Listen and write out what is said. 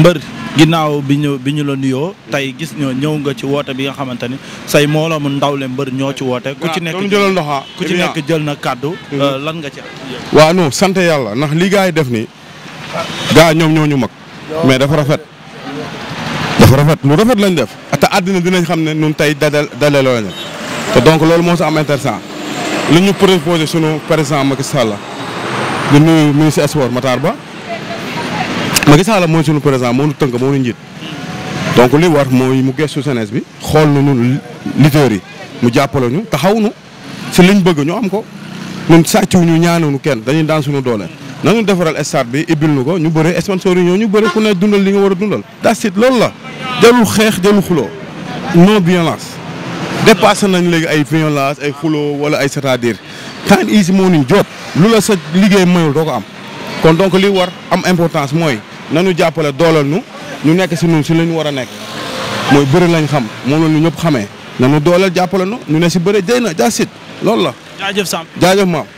mbër ginnaaw bi ñu bi ñu la nuyoo tey gis ñoo ñëw nga ci woote bi nga xamante ni say mbooloo mu ndaw le mbër ñoo ci woote ku ci nekk jëlal loxo ah, ku ci jël na kàddu mhm. euh, lan nga ci waa waaw non sant yàlla ndax li gaa yi def ni gaa ñoom ñoo ñu mag mais dafa rafet dafa rafet lu rafet lañ def te àddina dinañ xam ne nun tey dadal dale loo te donc loolu moo sa am intéressant li ñu proposé sunu président Macky Sall di nuyu ministre sport Matar Ba Macky Sall mooy suñu président moo ñu tënk moo ñu njiit donc li war mooy mu gëstu jeunesse bi xool na ñun lutteurs yi mu jàppale ñu taxaw ñu si liñ bëgg ñu am ko ñun sàccu ñu ñaanunu kenn dañuy daan suñu doole. nañu defaral stade bi ibbil nu ko ñu bëre sponsor ñoo ñu bëre ku ne dundal li nga war a dundal. that's it la jarul xeex jarul xuloo non violence dépassé nañ léegi ay violence ay xuloo wala ay c'est-à-dire quand easy moo ñu jot lu la sa liggéey mayul doo ko am kon donc li war am importance mooy. nanu jàppale doolal nu ñu nekk si ñun si lañu war a nekk mooy bëri lañ xam moom la ñu ñëpp xamee nanu dooleel jàppale nu ñu ne si bëri jëy na jaasit loolu la. jaajëf Samb jaajëf